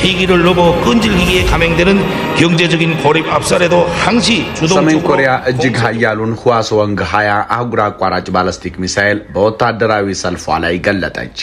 세기를 넘어 끈질기게 감행되는 경제적인 고립 압살에도 항시 ሰሜን ኮሪያ እጅግ ኃያሉን ህዋስወንግ 20 አህጉር አቋራጭ ባለስቲክ ሚሳኤል በወታደራዊ ሰልፏ ላይ ገለጠች።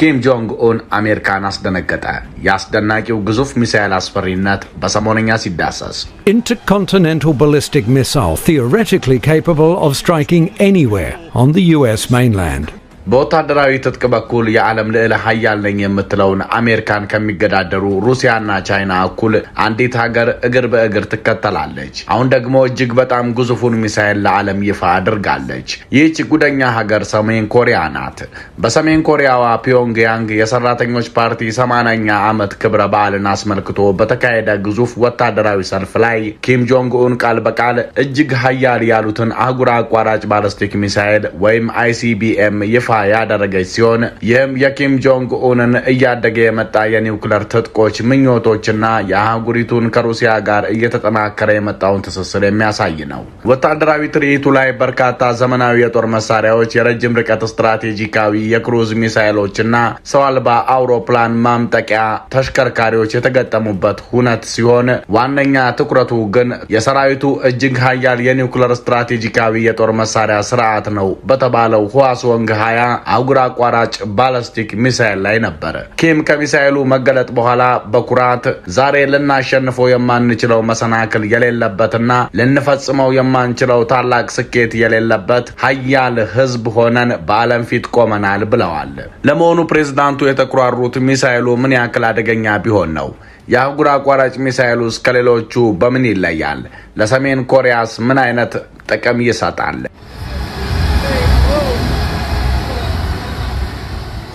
ኪም ጆንግ ኡን አሜሪካን አስደነገጠ። የአስደናቂው ግዙፍ ሚሳኤል አስፈሪነት በሰሞነኛ ሲዳሰስ Intercontinental ballistic missile theoretically capable of striking anywhere on the US mainland. በወታደራዊ ትጥቅ በኩል የዓለም ልዕለ ሀያል ነኝ የምትለውን አሜሪካን ከሚገዳደሩ ሩሲያና ቻይና እኩል አንዲት ሀገር እግር በእግር ትከተላለች። አሁን ደግሞ እጅግ በጣም ግዙፉን ሚሳይል ለዓለም ይፋ አድርጋለች። ይህች ጉደኛ ሀገር ሰሜን ኮሪያ ናት። በሰሜን ኮሪያዋ ፒዮንግያንግ የሰራተኞች ፓርቲ ሰማንያኛ ዓመት ክብረ በዓልን አስመልክቶ በተካሄደ ግዙፍ ወታደራዊ ሰልፍ ላይ ኪም ጆንግ ኡን ቃል በቃል እጅግ ሀያል ያሉትን አህጉር አቋራጭ ባለስቲክ ሚሳይል ወይም አይሲቢኤም ይፋ ያደረገች ሲሆን ይህም የኪም ጆንግ ኡንን እያደገ የመጣ የኒውክለር ትጥቆች ምኞቶችና የአህጉሪቱን ከሩሲያ ጋር እየተጠናከረ የመጣውን ትስስር የሚያሳይ ነው። ወታደራዊ ትርኢቱ ላይ በርካታ ዘመናዊ የጦር መሳሪያዎች፣ የረጅም ርቀት ስትራቴጂካዊ የክሩዝ ሚሳይሎችና ሰው አልባ አውሮፕላን ማምጠቂያ ተሽከርካሪዎች የተገጠሙበት ሁነት ሲሆን ዋነኛ ትኩረቱ ግን የሰራዊቱ እጅግ ሀያል የኒውክለር ስትራቴጂካዊ የጦር መሳሪያ ስርዓት ነው በተባለው ወንግ ሀያ አጉር አቋራጭ ባላስቲክ ሚሳይል ላይ ነበር። ኪም ከሚሳይሉ መገለጥ በኋላ በኩራት ዛሬ ልናሸንፈው የማንችለው መሰናክል የሌለበትና ልንፈጽመው የማንችለው ታላቅ ስኬት የሌለበት ሀያል ህዝብ ሆነን በዓለም ፊት ቆመናል ብለዋል። ለመሆኑ ፕሬዝዳንቱ የተኩራሩት ሚሳይሉ ምን ያክል አደገኛ ቢሆን ነው? የአህጉር አቋራጭ ሚሳይሉስ ከሌሎቹ በምን ይለያል? ለሰሜን ኮሪያስ ምን አይነት ጥቅም ይሰጣል?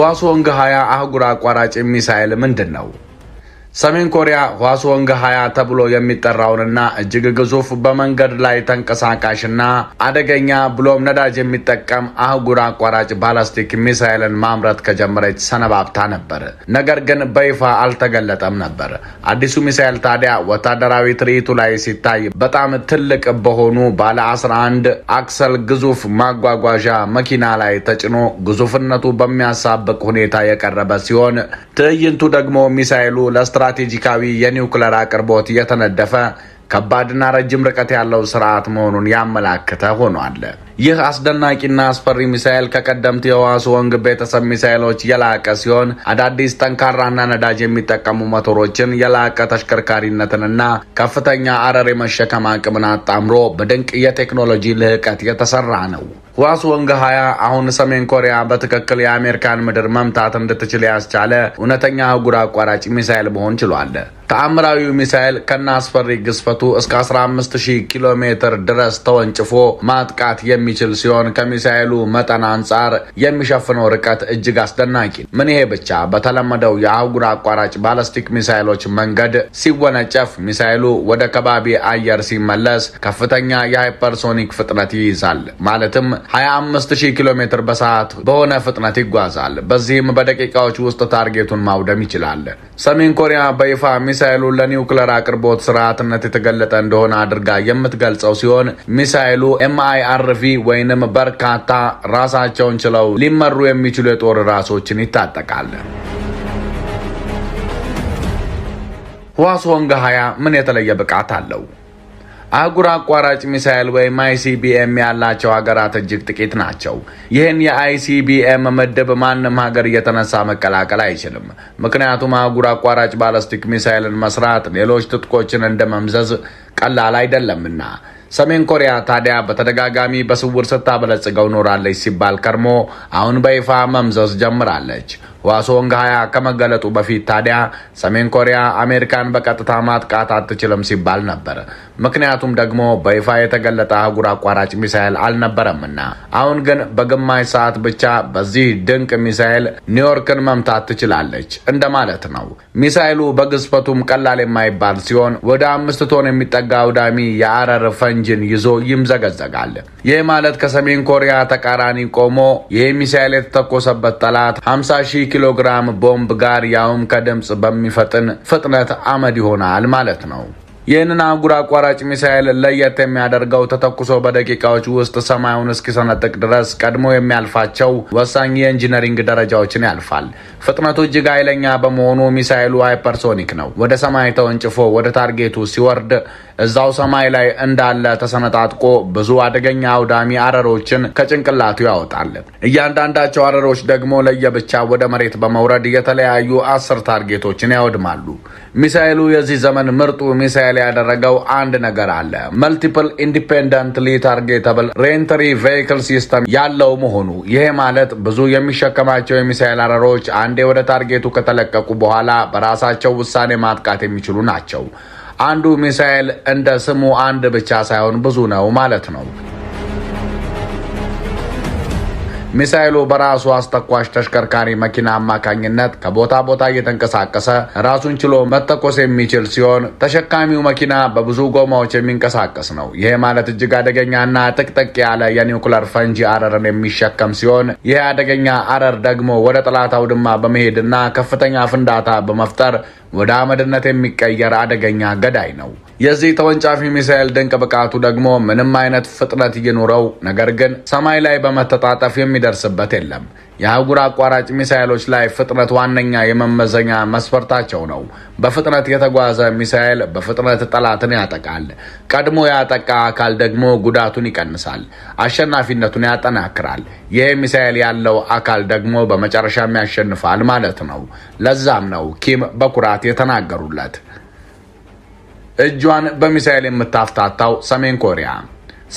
ህዋስ ወንግ 20 አህጉር አቋራጭ ሚሳኤል ምንድን ነው? ሰሜን ኮሪያ ኋሶንግ 20 ተብሎ የሚጠራውንና እጅግ ግዙፍ በመንገድ ላይ ተንቀሳቃሽና አደገኛ ብሎም ነዳጅ የሚጠቀም አህጉር አቋራጭ ባላስቲክ ሚሳይልን ማምረት ከጀመረች ሰነባብታ ነበር። ነገር ግን በይፋ አልተገለጠም ነበር። አዲሱ ሚሳይል ታዲያ ወታደራዊ ትርኢቱ ላይ ሲታይ በጣም ትልቅ በሆኑ ባለ 11 አክሰል ግዙፍ ማጓጓዣ መኪና ላይ ተጭኖ ግዙፍነቱ በሚያሳብቅ ሁኔታ የቀረበ ሲሆን ትዕይንቱ ደግሞ ሚሳይሉ ለስ ስትራቴጂካዊ የኒውክለር አቅርቦት የተነደፈ ከባድና ረጅም ርቀት ያለው ስርዓት መሆኑን ያመላከተ ሆኗል። ይህ አስደናቂና አስፈሪ ሚሳኤል ከቀደምት ወንግ ቤተሰብ ሚሳኤሎች የላቀ ሲሆን አዳዲስ ጠንካራና ነዳጅ የሚጠቀሙ ሞተሮችን የላቀ ተሽከርካሪነትንና ከፍተኛ አረር የመሸከም አቅምን አጣምሮ በድንቅ የቴክኖሎጂ ልህቀት የተሰራ ነው። ወንግ 20 አሁን ሰሜን ኮሪያ በትክክል የአሜሪካን ምድር መምታት እንድትችል ያስቻለ እውነተኛ አህጉር አቋራጭ ሚሳኤል መሆን ችሏል። ተአምራዊው ሚሳኤል ከነ አስፈሪ ግዝፈቱ እስከ 15000 ኪሎ ሜትር ድረስ ተወንጭፎ ማጥቃት የሚ የሚችል ሲሆን ከሚሳኤሉ መጠን አንጻር የሚሸፍነው ርቀት እጅግ አስደናቂ ምን ይሄ ብቻ! በተለመደው የአህጉር አቋራጭ ባለስቲክ ሚሳይሎች መንገድ ሲወነጨፍ ሚሳይሉ ወደ ከባቢ አየር ሲመለስ ከፍተኛ የሃይፐርሶኒክ ፍጥነት ይይዛል። ማለትም 25000 ኪሎ ሜትር በሰዓት በሆነ ፍጥነት ይጓዛል። በዚህም በደቂቃዎች ውስጥ ታርጌቱን ማውደም ይችላል። ሰሜን ኮሪያ በይፋ ሚሳኤሉ ለኒውክለር አቅርቦት ስርዓትነት የተገለጠ እንደሆነ አድርጋ የምትገልጸው ሲሆን ሚሳይሉ ኤምአይአርቪ ወይንም በርካታ ራሳቸውን ችለው ሊመሩ የሚችሉ የጦር ራሶችን ይታጠቃል። ዋሶንግ 20 ምን የተለየ ብቃት አለው? አህጉር አቋራጭ ሚሳይል ወይም አይሲቢኤም ያላቸው ሀገራት እጅግ ጥቂት ናቸው። ይህን የአይሲቢኤም ምድብ ማንም ሀገር እየተነሳ መቀላቀል አይችልም። ምክንያቱም አህጉር አቋራጭ ባለስቲክ ሚሳይልን መስራት ሌሎች ትጥቆችን እንደመምዘዝ ቀላል አይደለምና ሰሜን ኮሪያ ታዲያ በተደጋጋሚ በስውር ስታበለጽገው ኖራለች ሲባል ከርሞ አሁን በይፋ መምዘዝ ጀምራለች። ዋሶንግ ሀያ ከመገለጡ በፊት ታዲያ ሰሜን ኮሪያ አሜሪካን በቀጥታ ማጥቃት አትችልም ሲባል ነበር። ምክንያቱም ደግሞ በይፋ የተገለጠ አህጉር አቋራጭ ሚሳይል አልነበረምና። አሁን ግን በግማሽ ሰዓት ብቻ በዚህ ድንቅ ሚሳይል ኒውዮርክን መምታት ትችላለች እንደማለት ነው። ሚሳይሉ በግዝፈቱም ቀላል የማይባል ሲሆን ወደ አምስት ቶን የሚጠጋ አውዳሚ የአረር ፈንጅን ይዞ ይምዘገዘጋል። ይህ ማለት ከሰሜን ኮሪያ ተቃራኒ ቆሞ ይህ ሚሳይል የተተኮሰበት ጠላት 50 ሺህ ኪሎ ግራም ቦምብ ጋር ያውም ከድምፅ በሚፈጥን ፍጥነት አመድ ይሆናል ማለት ነው። ይህንን አህጉር አቋራጭ ሚሳኤል ለየት የሚያደርገው ተተኩሶ በደቂቃዎች ውስጥ ሰማዩን እስኪሰነጥቅ ድረስ ቀድሞ የሚያልፋቸው ወሳኝ የኢንጂነሪንግ ደረጃዎችን ያልፋል። ፍጥነቱ እጅግ ኃይለኛ በመሆኑ ሚሳኤሉ ሃይፐርሶኒክ ነው። ወደ ሰማይ ተወንጭፎ ወደ ታርጌቱ ሲወርድ እዛው ሰማይ ላይ እንዳለ ተሰነጣጥቆ ብዙ አደገኛ አውዳሚ አረሮችን ከጭንቅላቱ ያወጣል። እያንዳንዳቸው አረሮች ደግሞ ለየብቻ ወደ መሬት በመውረድ የተለያዩ አስር ታርጌቶችን ያወድማሉ። ሚሳኤሉ የዚህ ዘመን ምርጡ ሚሳኤል ያደረገው አንድ ነገር አለ። መልቲፕል ኢንዲፔንደንትሊ ታርጌተብል ሬንተሪ ቬይክል ሲስተም ያለው መሆኑ። ይሄ ማለት ብዙ የሚሸከማቸው የሚሳኤል አረሮች አንዴ ወደ ታርጌቱ ከተለቀቁ በኋላ በራሳቸው ውሳኔ ማጥቃት የሚችሉ ናቸው። አንዱ ሚሳኤል እንደ ስሙ አንድ ብቻ ሳይሆን ብዙ ነው ማለት ነው። ሚሳይሉ በራሱ አስተኳሽ ተሽከርካሪ መኪና አማካኝነት ከቦታ ቦታ እየተንቀሳቀሰ ራሱን ችሎ መተኮስ የሚችል ሲሆን ተሸካሚው መኪና በብዙ ጎማዎች የሚንቀሳቀስ ነው። ይሄ ማለት እጅግ አደገኛና ጥቅጥቅ ያለ የኒውክለር ፈንጂ አረርን የሚሸከም ሲሆን ይሄ አደገኛ አረር ደግሞ ወደ ጠላት አውድማ በመሄድና ከፍተኛ ፍንዳታ በመፍጠር ወደ አመድነት የሚቀየር አደገኛ ገዳይ ነው። የዚህ ተወንጫፊ ሚሳኤል ድንቅ ብቃቱ ደግሞ ምንም አይነት ፍጥነት ይኑረው፣ ነገር ግን ሰማይ ላይ በመተጣጠፍ የሚደርስበት የለም። የአህጉር አቋራጭ ሚሳኤሎች ላይ ፍጥነት ዋነኛ የመመዘኛ መስፈርታቸው ነው። በፍጥነት የተጓዘ ሚሳኤል በፍጥነት ጠላትን ያጠቃል። ቀድሞ ያጠቃ አካል ደግሞ ጉዳቱን ይቀንሳል፣ አሸናፊነቱን ያጠናክራል። ይህ ሚሳኤል ያለው አካል ደግሞ በመጨረሻም ያሸንፋል ማለት ነው። ለዛም ነው ኪም በኩራት የተናገሩለት። እጇን በሚሳኤል የምታፍታታው ሰሜን ኮሪያ።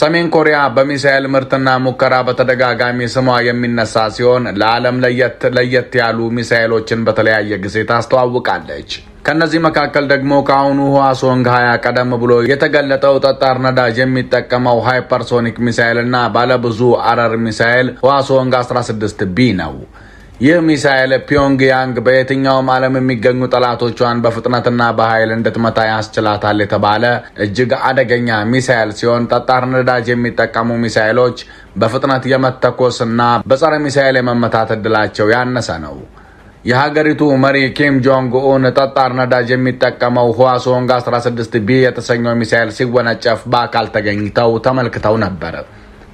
ሰሜን ኮሪያ በሚሳኤል ምርትና ሙከራ በተደጋጋሚ ስሟ የሚነሳ ሲሆን ለዓለም ለየት ለየት ያሉ ሚሳኤሎችን በተለያየ ጊዜ ታስተዋውቃለች። ከእነዚህ መካከል ደግሞ ከአሁኑ ህዋሶንግ 20 ቀደም ብሎ የተገለጠው ጠጣር ነዳጅ የሚጠቀመው ሃይፐርሶኒክ ሚሳኤልና ባለብዙ አረር ሚሳኤል ህዋሶንግ 16 ቢ ነው። ይህ ሚሳኤል ፒዮንግያንግ በየትኛውም ዓለም የሚገኙ ጠላቶቿን በፍጥነትና በኃይል እንድትመታ ያስችላታል የተባለ እጅግ አደገኛ ሚሳኤል ሲሆን ጠጣር ነዳጅ የሚጠቀሙ ሚሳኤሎች በፍጥነት የመተኮስና በጸረ ሚሳኤል የመመታት እድላቸው ያነሰ ነው። የሀገሪቱ መሪ ኪም ጆንግ ኡን ጠጣር ነዳጅ የሚጠቀመው ህዋሶንግ 16 ቢ የተሰኘው ሚሳኤል ሲወነጨፍ በአካል ተገኝተው ተመልክተው ነበር።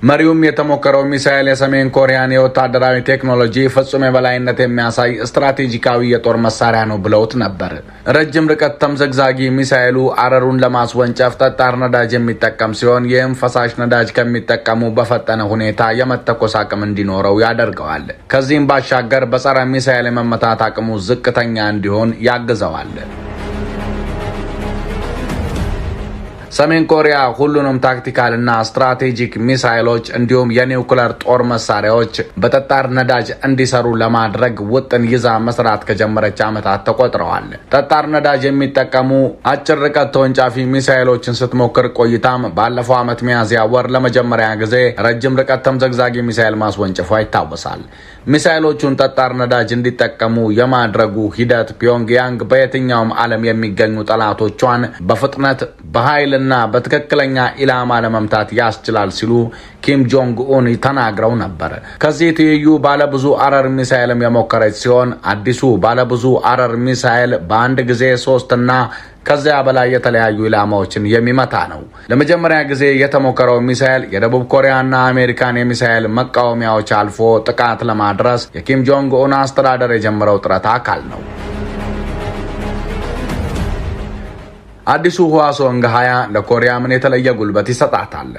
መሪውም የተሞከረው ሚሳኤል የሰሜን ኮሪያን የወታደራዊ ቴክኖሎጂ ፍጹም የበላይነት የሚያሳይ ስትራቴጂካዊ የጦር መሳሪያ ነው ብለውት ነበር። ረጅም ርቀት ተምዘግዛጊ ሚሳኤሉ አረሩን ለማስወንጨፍ ጠጣር ነዳጅ የሚጠቀም ሲሆን ይህም ፈሳሽ ነዳጅ ከሚጠቀሙ በፈጠነ ሁኔታ የመተኮስ አቅም እንዲኖረው ያደርገዋል። ከዚህም ባሻገር በጸረ ሚሳኤል የመመታት አቅሙ ዝቅተኛ እንዲሆን ያግዘዋል። ሰሜን ኮሪያ ሁሉንም ታክቲካል እና ስትራቴጂክ ሚሳይሎች እንዲሁም የኒውክለር ጦር መሳሪያዎች በጠጣር ነዳጅ እንዲሰሩ ለማድረግ ውጥን ይዛ መስራት ከጀመረች ዓመታት ተቆጥረዋል። ጠጣር ነዳጅ የሚጠቀሙ አጭር ርቀት ተወንጫፊ ሚሳይሎችን ስትሞክር ቆይታም ባለፈው ዓመት ሚያዝያ ወር ለመጀመሪያ ጊዜ ረጅም ርቀት ተምዘግዛጊ ሚሳይል ማስወንጨፏ ይታወሳል። ሚሳይሎቹን ጠጣር ነዳጅ እንዲጠቀሙ የማድረጉ ሂደት ፒዮንግያንግ በየትኛውም ዓለም የሚገኙ ጠላቶቿን በፍጥነት በኃይል በትክክልና በትክክለኛ ኢላማ ለመምታት ያስችላል ሲሉ ኪም ጆንግ ኡን ተናግረው ነበር። ከዚህ ትይዩ ባለብዙ አረር ሚሳይልም የሞከረች ሲሆን አዲሱ ባለብዙ አረር ሚሳኤል በአንድ ጊዜ ሶስትና ከዚያ በላይ የተለያዩ ኢላማዎችን የሚመታ ነው። ለመጀመሪያ ጊዜ የተሞከረው ሚሳኤል የደቡብ ኮሪያና አሜሪካን የሚሳኤል መቃወሚያዎች አልፎ ጥቃት ለማድረስ የኪም ጆንግ ኡን አስተዳደር የጀመረው ጥረት አካል ነው። አዲሱ ህዋሶንግ 20 ለኮሪያ ምን የተለየ ጉልበት ይሰጣታል?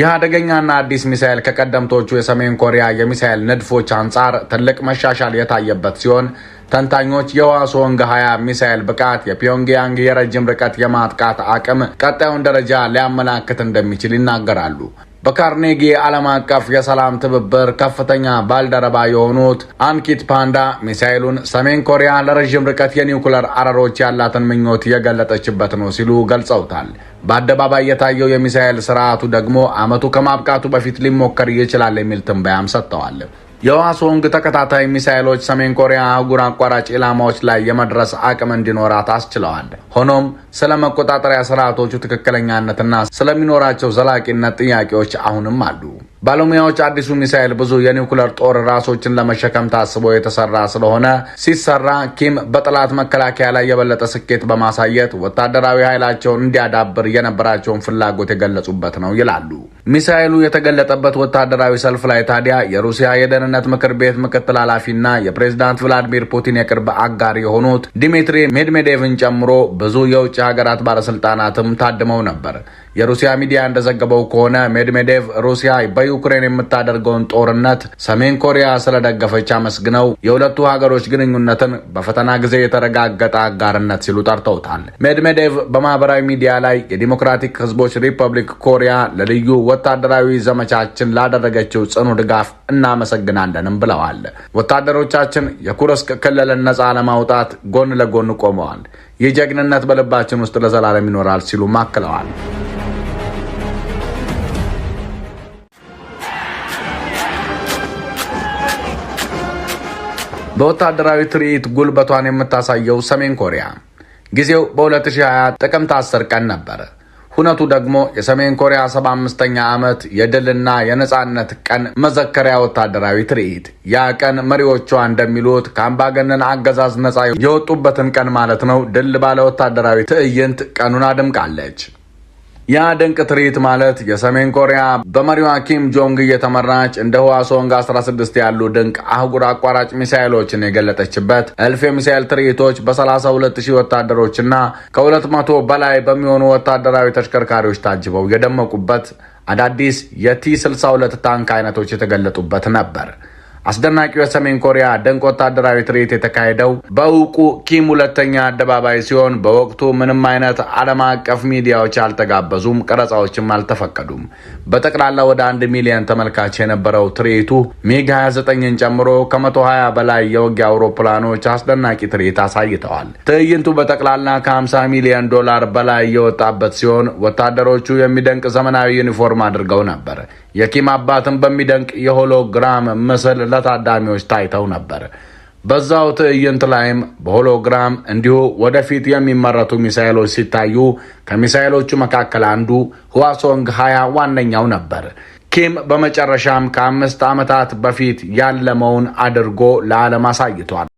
ይህ አደገኛና አዲስ ሚሳኤል ከቀደምቶቹ የሰሜን ኮሪያ የሚሳኤል ንድፎች አንጻር ትልቅ መሻሻል የታየበት ሲሆን ተንታኞች የህዋሶንግ 20 ሚሳኤል ብቃት የፒዮንግያንግ የረጅም ርቀት የማጥቃት አቅም ቀጣዩን ደረጃ ሊያመላክት እንደሚችል ይናገራሉ። በካርኔጌ ዓለም አቀፍ የሰላም ትብብር ከፍተኛ ባልደረባ የሆኑት አንኪት ፓንዳ ሚሳኤሉን ሰሜን ኮሪያ ለረዥም ርቀት የኒውክለር አረሮች ያላትን ምኞት የገለጠችበት ነው ሲሉ ገልጸውታል። በአደባባይ የታየው የሚሳኤል ስርዓቱ ደግሞ ዓመቱ ከማብቃቱ በፊት ሊሞከር ይችላል የሚል ትንበያም ሰጥተዋል። የዋሶንግ ተከታታይ ሚሳይሎች ሰሜን ኮሪያ አህጉር አቋራጭ ኢላማዎች ላይ የመድረስ አቅም እንዲኖራት አስችለዋል። ሆኖም ስለ መቆጣጠሪያ ስርዓቶቹ ትክክለኛነትና ስለሚኖራቸው ዘላቂነት ጥያቄዎች አሁንም አሉ። ባለሙያዎች አዲሱ ሚሳኤል ብዙ የኒውክለር ጦር ራሶችን ለመሸከም ታስቦ የተሰራ ስለሆነ ሲሰራ ኪም በጠላት መከላከያ ላይ የበለጠ ስኬት በማሳየት ወታደራዊ ኃይላቸውን እንዲያዳብር የነበራቸውን ፍላጎት የገለጹበት ነው ይላሉ። ሚሳኤሉ የተገለጠበት ወታደራዊ ሰልፍ ላይ ታዲያ የሩሲያ የደህንነት ምክር ቤት ምክትል ኃላፊና የፕሬዝዳንት ቭላዲሚር ፑቲን የቅርብ አጋር የሆኑት ዲሚትሪ ሜድሜዴቭን ጨምሮ ብዙ የውጭ ሀገራት ባለስልጣናትም ታድመው ነበር። የሩሲያ ሚዲያ እንደዘገበው ከሆነ ሜድሜዴቭ ሩሲያ በዩ ዩክሬን የምታደርገውን ጦርነት ሰሜን ኮሪያ ስለደገፈች አመስግነው የሁለቱ ሀገሮች ግንኙነትን በፈተና ጊዜ የተረጋገጠ አጋርነት ሲሉ ጠርተውታል። ሜድሜዴቭ በማህበራዊ ሚዲያ ላይ የዲሞክራቲክ ህዝቦች ሪፐብሊክ ኮሪያ ለልዩ ወታደራዊ ዘመቻችን ላደረገችው ጽኑ ድጋፍ እናመሰግናለንም ብለዋል። ወታደሮቻችን የኩርስክ ክልልን ነጻ ለማውጣት ጎን ለጎን ቆመዋል። ይህ ጀግንነት በልባችን ውስጥ ለዘላለም ይኖራል ሲሉ አክለዋል። በወታደራዊ ትርኢት ጉልበቷን የምታሳየው ሰሜን ኮሪያ ጊዜው በ2020 ጥቅምት 10 ቀን ነበር። ሁነቱ ደግሞ የሰሜን ኮሪያ 75ኛ ዓመት የድልና የነፃነት ቀን መዘከሪያ ወታደራዊ ትርኢት። ያ ቀን መሪዎቿ እንደሚሉት ከአምባገነን አገዛዝ ነፃ የወጡበትን ቀን ማለት ነው። ድል ባለ ወታደራዊ ትዕይንት ቀኑን አድምቃለች። ያ ድንቅ ትርኢት ማለት የሰሜን ኮሪያ በመሪዋ ኪም ጆንግ እየተመራች እንደ ህዋሶንግ 16 ያሉ ድንቅ አህጉር አቋራጭ ሚሳይሎችን የገለጠችበት እልፍ የሚሳይል ትርኢቶች በ32000 ወታደሮችና ከ200 በላይ በሚሆኑ ወታደራዊ ተሽከርካሪዎች ታጅበው የደመቁበት አዳዲስ የቲ 62 ታንክ አይነቶች የተገለጡበት ነበር። አስደናቂው የሰሜን ኮሪያ ድንቅ ወታደራዊ ትርኢት የተካሄደው በእውቁ ኪም ሁለተኛ አደባባይ ሲሆን በወቅቱ ምንም አይነት ዓለም አቀፍ ሚዲያዎች አልተጋበዙም፣ ቀረጻዎችም አልተፈቀዱም። በጠቅላላ ወደ አንድ ሚሊዮን ተመልካች የነበረው ትርኢቱ ሚግ 29ን ጨምሮ ከ120 በላይ የውጊያ አውሮፕላኖች አስደናቂ ትርኢት አሳይተዋል። ትዕይንቱ በጠቅላላ ከ50 ሚሊዮን ዶላር በላይ የወጣበት ሲሆን ወታደሮቹ የሚደንቅ ዘመናዊ ዩኒፎርም አድርገው ነበር። የኪም አባትን በሚደንቅ የሆሎግራም ምስል ለታዳሚዎች ታይተው ነበር። በዛው ትዕይንት ላይም በሆሎግራም እንዲሁ ወደፊት የሚመረቱ ሚሳይሎች ሲታዩ ከሚሳይሎቹ መካከል አንዱ ህዋሶንግ 20 ዋነኛው ነበር። ኪም በመጨረሻም ከአምስት ዓመታት በፊት ያለመውን አድርጎ ለዓለም አሳይቷል።